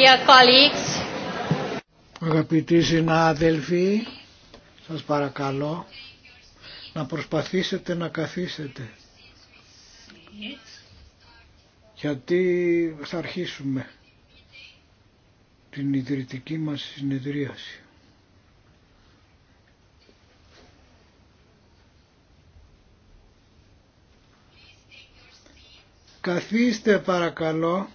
Dear colleagues. Αγαπητοί συνάδελφοι, σας παρακαλώ να προσπαθήσετε να καθίσετε. Γιατί θα αρχίσουμε την ιδρυτική μας συνεδρίαση. Καθίστε παρακαλώ.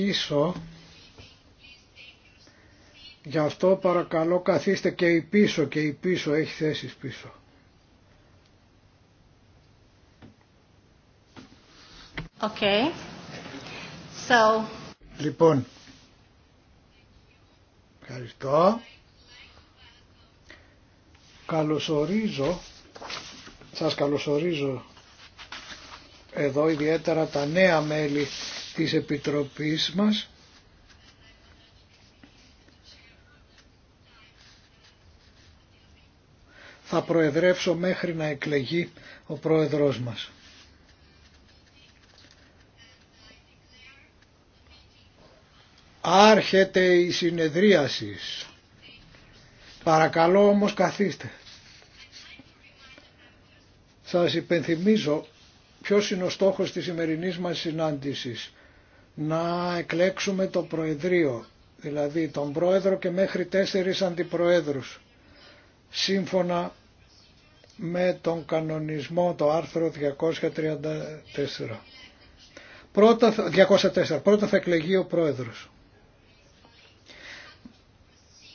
αρχίσω. Γι' αυτό παρακαλώ καθίστε και η πίσω και η πίσω έχει θέσεις πίσω. Okay. So... Λοιπόν, ευχαριστώ. Καλωσορίζω, σας καλωσορίζω εδώ ιδιαίτερα τα νέα μέλη της Επιτροπής μας θα προεδρεύσω μέχρι να εκλεγεί ο πρόεδρός μας. Άρχεται η συνεδρίαση. Παρακαλώ όμως καθίστε. Σας υπενθυμίζω ποιος είναι ο στόχος της σημερινής μας συνάντησης να εκλέξουμε το Προεδρείο, δηλαδή τον Πρόεδρο και μέχρι τέσσερις αντιπροέδρους, σύμφωνα με τον κανονισμό το άρθρο 234. Πρώτα, 204. Πρώτα θα εκλεγεί ο Πρόεδρος.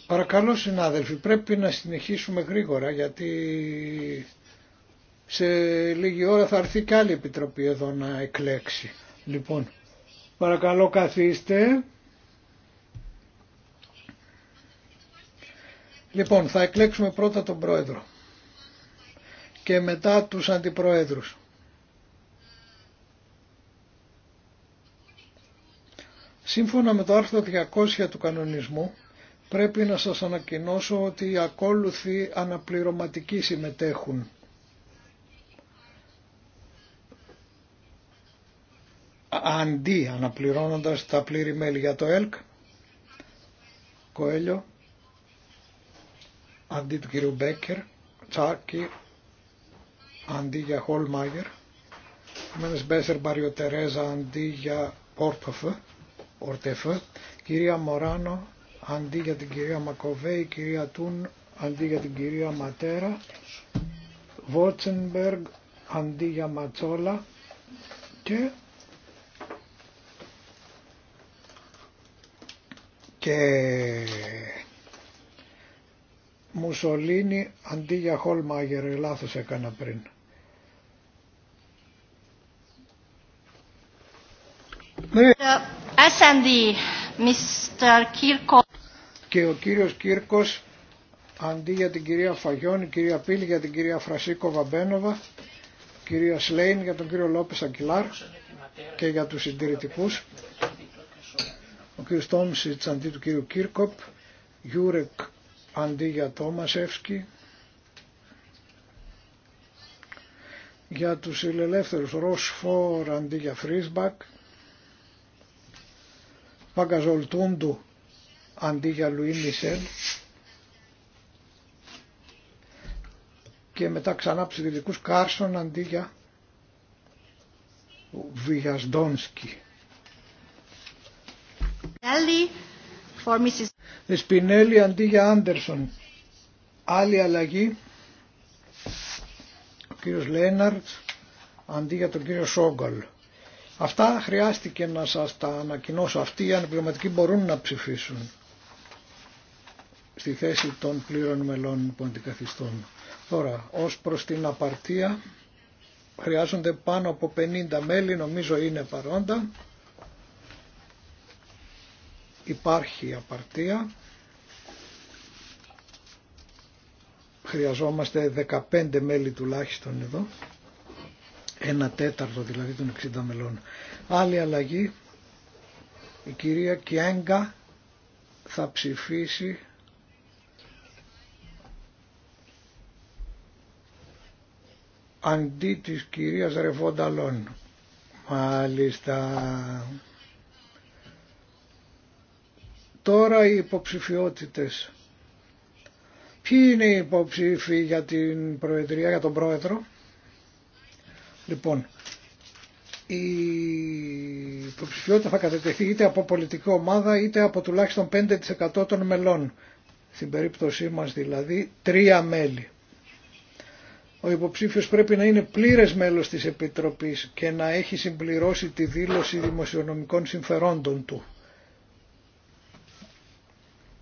Παρακαλώ συνάδελφοι, πρέπει να συνεχίσουμε γρήγορα γιατί σε λίγη ώρα θα έρθει και άλλη επιτροπή εδώ να εκλέξει. Λοιπόν, Παρακαλώ καθίστε. Λοιπόν, θα εκλέξουμε πρώτα τον Πρόεδρο και μετά τους Αντιπροέδρους. Σύμφωνα με το άρθρο 200 του κανονισμού, πρέπει να σας ανακοινώσω ότι οι ακόλουθοι αναπληρωματικοί συμμετέχουν αντί αναπληρώνοντας τα πλήρη μέλη για το ΕΛΚ Κοέλιο αντί του κυρίου Μπέκερ Τσάκη αντί για Χολμάγερ Μένες Μπέσερ Μπαριοτερέζα αντί για Ορτεφε κυρία Μωράνο αντί για την κυρία Μακοβέη κυρία Τούν αντί για την κυρία Ματέρα Βότσενμπεργκ αντί για Ματσόλα και Και Μουσολίνη αντί για Χολμάγερ, λάθος έκανα πριν. Ε, και ο κύριος Κύρκος αντί για την κυρία Φαγιόν, η κυρία Πύλη για την κυρία Φρασίκο Βαμπένοβα, κυρία Σλέιν για τον κύριο Λόπες Αγκυλάρ και για τους συντηρητικούς κύριος Τόμσιτς αντί του κύριου Κίρκοπ, Γιούρεκ αντί για Τόμασεύσκι, για τους ηλελεύθερους Ροσφόρ αντί για Φρίσμπακ, Παγκαζολτούντου αντί για Λουί Μισελ και μετά ξανά ψηφιδικούς Κάρσον αντί για Βιασδόνσκι. Spinelli Σπινέλη αντί για Άντερσον. Άλλη αλλαγή. Ο κύριος Λέναρτ αντί για τον κύριο Σόγκολ. Αυτά χρειάστηκε να σας τα ανακοινώσω. Αυτοί οι ανεπληρωματικοί μπορούν να ψηφίσουν στη θέση των πλήρων μελών που αντικαθιστούν. Τώρα, ως προς την απαρτία, χρειάζονται πάνω από 50 μέλη, νομίζω είναι παρόντα υπάρχει απαρτία. Χρειαζόμαστε 15 μέλη τουλάχιστον εδώ, ένα τέταρτο δηλαδή των 60 μελών. Άλλη αλλαγή, η κυρία Κιέγκα θα ψηφίσει αντί της κυρίας Ρεβόνταλόν. Μάλιστα. Τώρα οι υποψηφιότητες. Ποιοι είναι οι υποψήφοι για την Προεδρία, για τον Πρόεδρο. Λοιπόν, η υποψηφιότητα θα κατετεθεί είτε από πολιτική ομάδα είτε από τουλάχιστον 5% των μελών. Στην περίπτωσή μας δηλαδή τρία μέλη. Ο υποψήφιος πρέπει να είναι πλήρες μέλος της Επιτροπής και να έχει συμπληρώσει τη δήλωση δημοσιονομικών συμφερόντων του.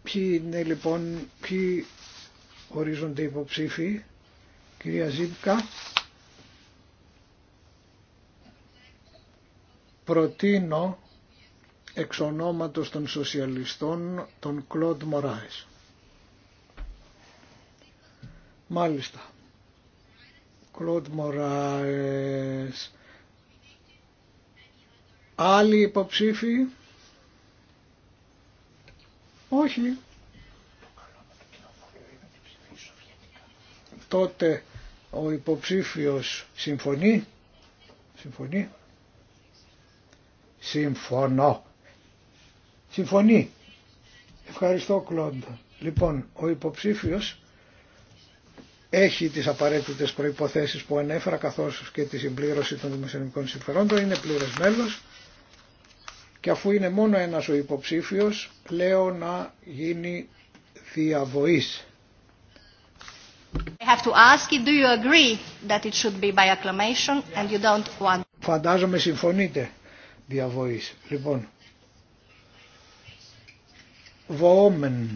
Ποιοι είναι λοιπόν, ποιοι ορίζονται υποψήφοι. Κυρία Ζήμπκα. Προτείνω εξ των σοσιαλιστών τον Κλοντ Μωράης. Μάλιστα. Κλοντ Μωράης. Άλλοι υποψήφοι. Όχι. Τότε ο υποψήφιος συμφωνεί. Συμφωνεί. Συμφωνώ. Συμφωνεί. Ευχαριστώ Κλόντα. Λοιπόν, ο υποψήφιος έχει τις απαραίτητες προϋποθέσεις που ανέφερα καθώς και τη συμπλήρωση των δημοσιονομικών συμφερόντων, είναι πλήρες μέλος και αφού είναι μόνο ένας ο υποψήφιος λέω να γίνει διαβοής. Φαντάζομαι συμφωνείτε διαβοής. Λοιπόν, βοόμεν.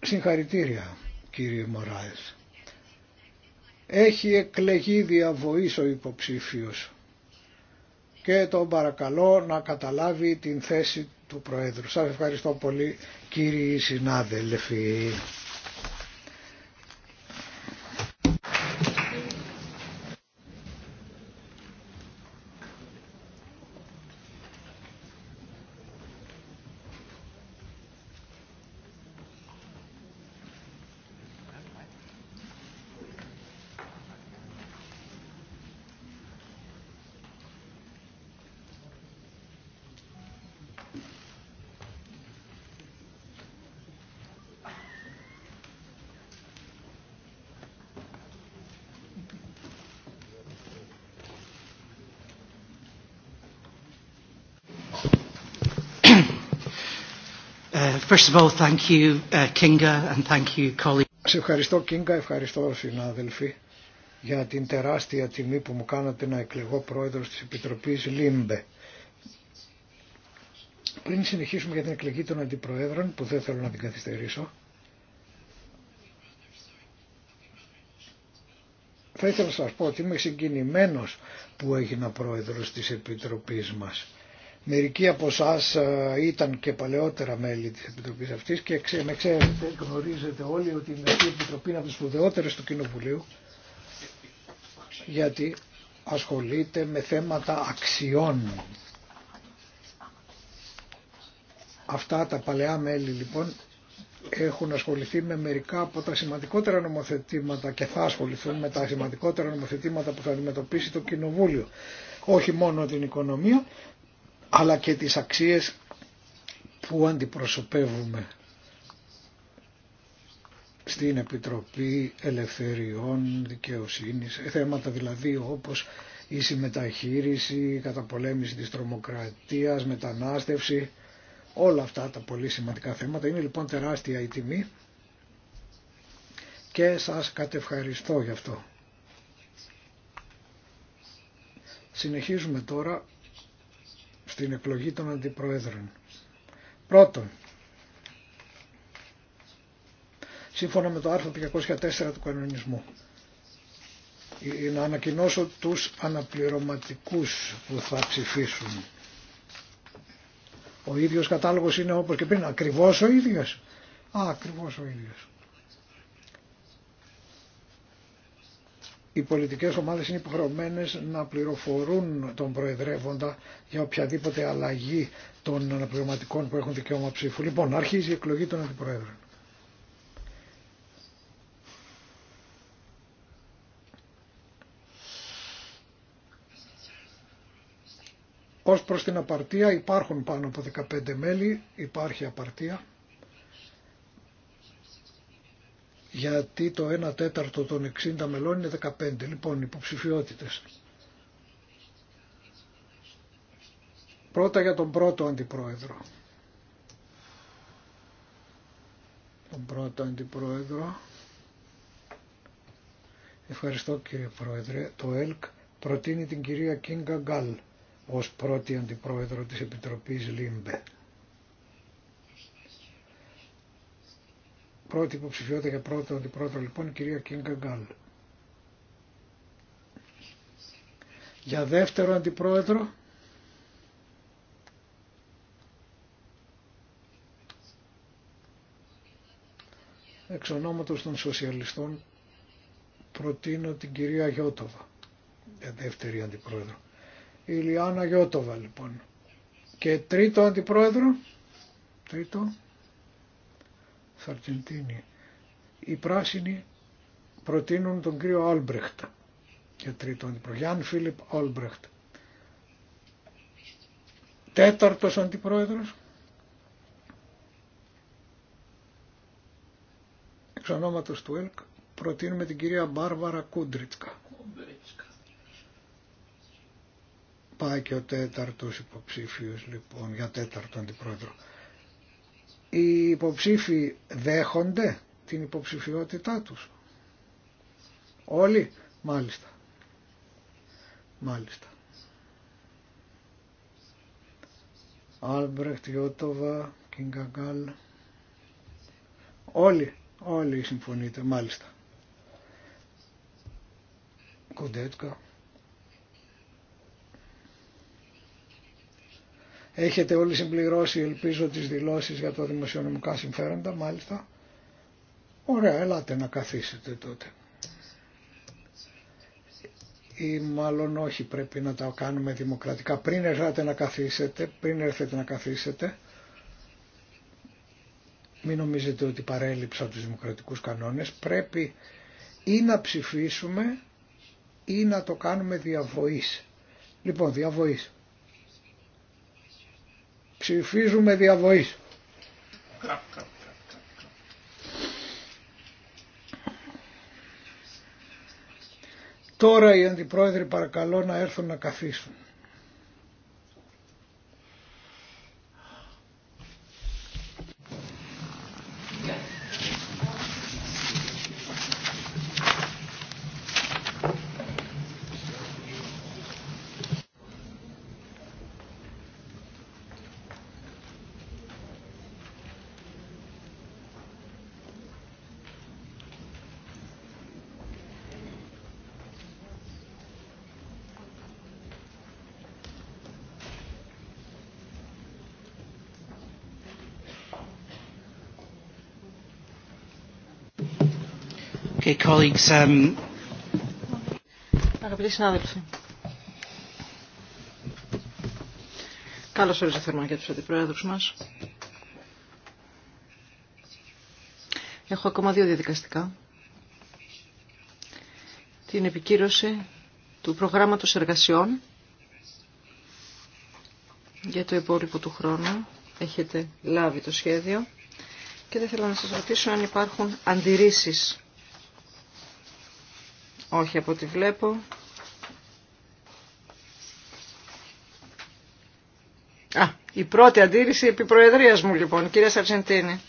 Συγχαρητήρια κύριε Μωράες. Έχει εκλεγεί διαβοής ο υποψήφιος και τον παρακαλώ να καταλάβει την θέση του Προέδρου. Σας ευχαριστώ πολύ κύριοι συνάδελφοι. First of all, thank uh, Σε ευχαριστώ Κίνγκα, ευχαριστώ συνάδελφοι για την τεράστια τιμή που μου κάνατε να εκλεγώ πρόεδρος της Επιτροπής ΛΥΜΠΕ. Πριν συνεχίσουμε για την εκλογή των αντιπροέδρων, που δεν θέλω να την καθυστερήσω, θα ήθελα να σας πω ότι είμαι συγκινημένος που έγινα πρόεδρος της Επιτροπής μας Μερικοί από εσά ε, ήταν και παλαιότερα μέλη της Επιτροπής αυτής και με ξέρετε, γνωρίζετε όλοι ότι η Επιτροπή είναι από τις σπουδαιότερες του Κοινοβουλίου γιατί ασχολείται με θέματα αξιών. Αυτά τα παλαιά μέλη λοιπόν έχουν ασχοληθεί με μερικά από τα σημαντικότερα νομοθετήματα και θα ασχοληθούν με τα σημαντικότερα νομοθετήματα που θα αντιμετωπίσει το Κοινοβούλιο. Όχι μόνο την οικονομία αλλά και τις αξίες που αντιπροσωπεύουμε στην Επιτροπή Ελευθεριών Δικαιοσύνης, θέματα δηλαδή όπως η συμμεταχείριση, η καταπολέμηση της τρομοκρατίας, μετανάστευση, όλα αυτά τα πολύ σημαντικά θέματα. Είναι λοιπόν τεράστια η τιμή και σας κατευχαριστώ γι' αυτό. Συνεχίζουμε τώρα στην εκλογή των αντιπροέδρων. Πρώτον, σύμφωνα με το άρθρο 204 του κανονισμού, ε, να ανακοινώσω τους αναπληρωματικούς που θα ψηφίσουν. Ο ίδιος κατάλογος είναι όπως και πριν, ακριβώς ο ίδιος. Α, ακριβώς ο ίδιος. οι πολιτικές ομάδες είναι υποχρεωμένες να πληροφορούν τον Προεδρεύοντα για οποιαδήποτε αλλαγή των αναπληρωματικών που έχουν δικαίωμα ψήφου. Λοιπόν, αρχίζει η εκλογή των Αντιπροέδρων. Ως προς την απαρτία υπάρχουν πάνω από 15 μέλη, υπάρχει απαρτία. γιατί το 1 τέταρτο των 60 μελών είναι 15. Λοιπόν, υποψηφιότητες. Πρώτα για τον πρώτο αντιπρόεδρο. Τον πρώτο αντιπρόεδρο. Ευχαριστώ κύριε Πρόεδρε. Το ΕΛΚ προτείνει την κυρία Κίνγκα Γκάλ ως πρώτη αντιπρόεδρο της Επιτροπής Λίμπε. Πρώτη υποψηφιότητα για πρώτο αντιπρόεδρο λοιπόν η κυρία Κίνγκα Γκάλ. Για δεύτερο αντιπρόεδρο εξ ονόματος των σοσιαλιστών προτείνω την κυρία Γιώτοβα για δεύτερη αντιπρόεδρο. Η Λιάννα Γιώτοβα λοιπόν. Και τρίτο αντιπρόεδρο, τρίτο, Σαρτζεντίνη. Οι πράσινοι προτείνουν τον κύριο Όλμπρεχτ για τρίτο αντιπρόεδρο. Γιάνν Φίλιπ Όλμπρεχτ. Τέταρτος αντιπρόεδρος. Εξ ονόματος του ΕΛΚ προτείνουμε την κυρία Μπάρβαρα Κούντριτσκα. Πάει και ο τέταρτος υποψήφιος λοιπόν για τέταρτο αντιπρόεδρο οι υποψήφοι δέχονται την υποψηφιότητά τους. Όλοι, μάλιστα. Μάλιστα. Άλμπρεχτ, Ιώτοβα, Κιγκαγκάλ. Όλοι, όλοι συμφωνείτε, μάλιστα. Κοντέτκα. Έχετε όλοι συμπληρώσει ελπίζω τις δηλώσεις για τα δημοσιονομικά συμφέροντα μάλιστα. Ωραία, ελάτε να καθίσετε τότε. Ή μάλλον όχι πρέπει να τα κάνουμε δημοκρατικά. Πριν έρθατε να καθίσετε, πριν έρθετε να καθίσετε, μην νομίζετε ότι παρέλειψα τους δημοκρατικούς κανόνες, πρέπει ή να ψηφίσουμε ή να το κάνουμε διαβοής. Λοιπόν, διαβοής. Ψηφίζουμε διαβοής. Τώρα οι αντιπρόεδροι παρακαλώ να έρθουν να καθίσουν. Okay, colleagues, um... Αγαπητοί συνάδελφοι, καλώς θερμά μας. Έχω ακόμα δύο διαδικαστικά. Την επικύρωση του προγράμματος εργασιών για το υπόλοιπο του χρόνου. Έχετε λάβει το σχέδιο και δεν θέλω να σας ρωτήσω αν υπάρχουν αντιρρήσεις όχι από ό,τι βλέπω. Α, η πρώτη αντίρρηση επί προεδρίας μου λοιπόν, κυρία Σαρσεντίνη.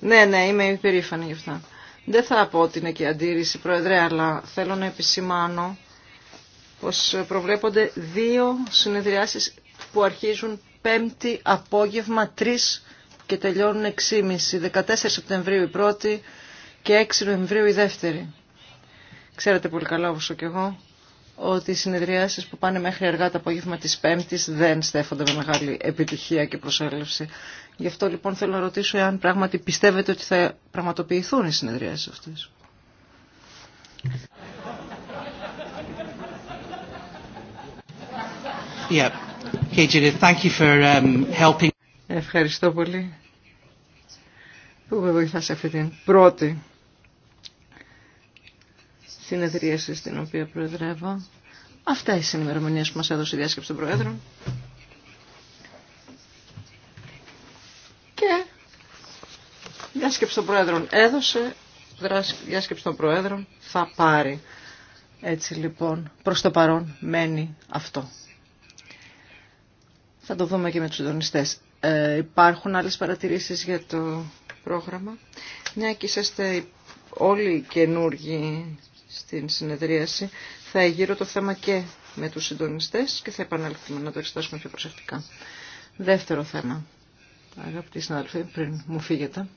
Ναι, ναι, είμαι υπερήφανη γι' αυτά. Δεν θα πω ότι είναι και αντίρρηση προεδρέα, αλλά θέλω να επισημάνω πως προβλέπονται δύο συνεδριάσεις που αρχίζουν πέμπτη απόγευμα 3 και τελειώνουν 6.30. 14 Σεπτεμβρίου η πρώτη και 6 Νοεμβρίου η δεύτερη. Ξέρετε πολύ καλά όπως και εγώ ότι οι συνεδριάσεις που πάνε μέχρι αργά το απόγευμα της Πέμπτης δεν στέφονται με μεγάλη επιτυχία και προσέλευση. Γι' αυτό λοιπόν θέλω να ρωτήσω εάν πράγματι πιστεύετε ότι θα πραγματοποιηθούν οι συνεδριάσεις αυτές. Yeah. thank you for, um, helping. Ευχαριστώ πολύ που με βοηθάς αυτή την πρώτη συνεδρίαση στην οποία προεδρεύω. Αυτά οι συνημερομηνίε που μα έδωσε η διάσκεψη των Προέδρων. Και η διάσκεψη των Προέδρων έδωσε, η διάσκεψη των Προέδρων θα πάρει. Έτσι λοιπόν, προς το παρόν μένει αυτό. Θα το δούμε και με τους συντονιστέ. Ε, υπάρχουν άλλες παρατηρήσεις για το πρόγραμμα. Μια και είσαστε όλοι καινούργοι στην συνεδρίαση θα εγείρω το θέμα και με τους συντονιστές και θα επανέλθουμε να το εξετάσουμε πιο προσεκτικά. Δεύτερο θέμα. Αγαπητοί συνάδελφοι, πριν μου φύγετε.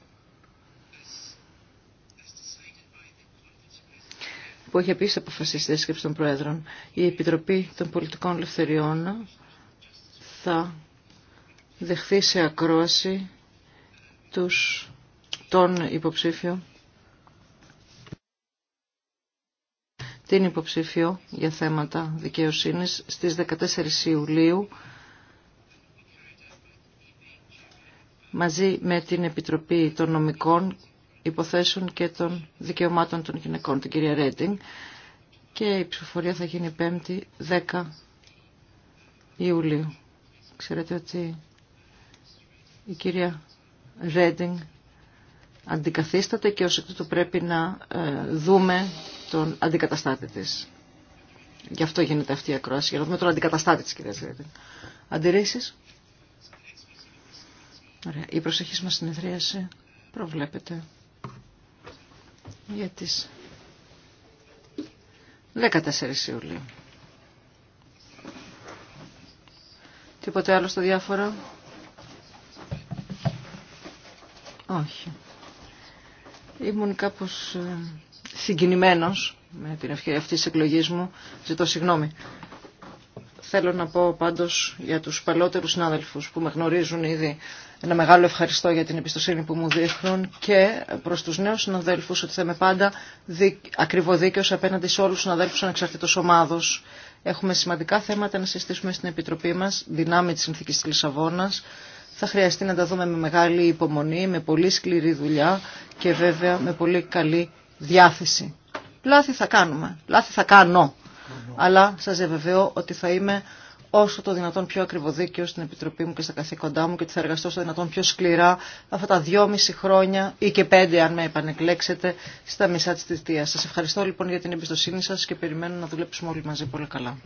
που έχει επίσης αποφασίσει τη σκέψη των Προέδρων, η Επιτροπή των Πολιτικών Ελευθεριών θα δεχθεί σε ακρόαση τους, τον υποψήφιο στην υποψήφιο για θέματα δικαιοσύνης στις 14 Ιουλίου μαζί με την Επιτροπή των Νομικών Υποθέσεων και των Δικαιωμάτων των Γυναικών, την κυρία Ρέντινγκ. Και η ψηφοφορία θα γίνει 5η 10 Ιουλίου. Ξέρετε ότι η κυρία Ρέντινγκ αντικαθίσταται και ως εκ τούτου πρέπει να ε, δούμε τον αντικαταστάτη τη. Γι' αυτό γίνεται αυτή η ακρόαση. Για να δούμε τον αντικαταστάτη τη, κυρία Γκρέτελ. Αντιρρήσει. Ωραία. Η προσεχής μας συνεδρίαση προβλέπεται για τι 14 Ιουλίου. Τίποτε άλλο στο διάφορο. Όχι. Ήμουν κάπως ε, συγκινημένος με την ευκαιρία αυτής τη εκλογής μου. Ζητώ συγγνώμη. Θέλω να πω πάντως για τους παλαιότερους συνάδελφους που με γνωρίζουν ήδη ένα μεγάλο ευχαριστώ για την εμπιστοσύνη που μου δείχνουν και προς τους νέους συναδέλφους ότι θα είμαι πάντα δι... ακριβοδίκαιος απέναντι σε όλους τους συναδέλφους ανεξαρτήτω ομάδος. Έχουμε σημαντικά θέματα να συζητήσουμε στην Επιτροπή μας, δυνάμει της συνθήκης της Λισαβόνας. Θα χρειαστεί να τα δούμε με μεγάλη υπομονή, με πολύ σκληρή δουλειά και βέβαια με πολύ καλή διάθεση. Λάθη θα κάνουμε, λάθη θα κάνω. Αλλά σας διαβεβαιώ ότι θα είμαι όσο το δυνατόν πιο ακριβοδίκαιο στην Επιτροπή μου και στα καθήκοντά μου και ότι θα εργαστώ το δυνατόν πιο σκληρά αυτά τα δυόμιση χρόνια ή και πέντε αν με επανεκλέξετε στα μισά της θητείας. Σας ευχαριστώ λοιπόν για την εμπιστοσύνη σας και περιμένω να δουλέψουμε όλοι μαζί πολύ καλά.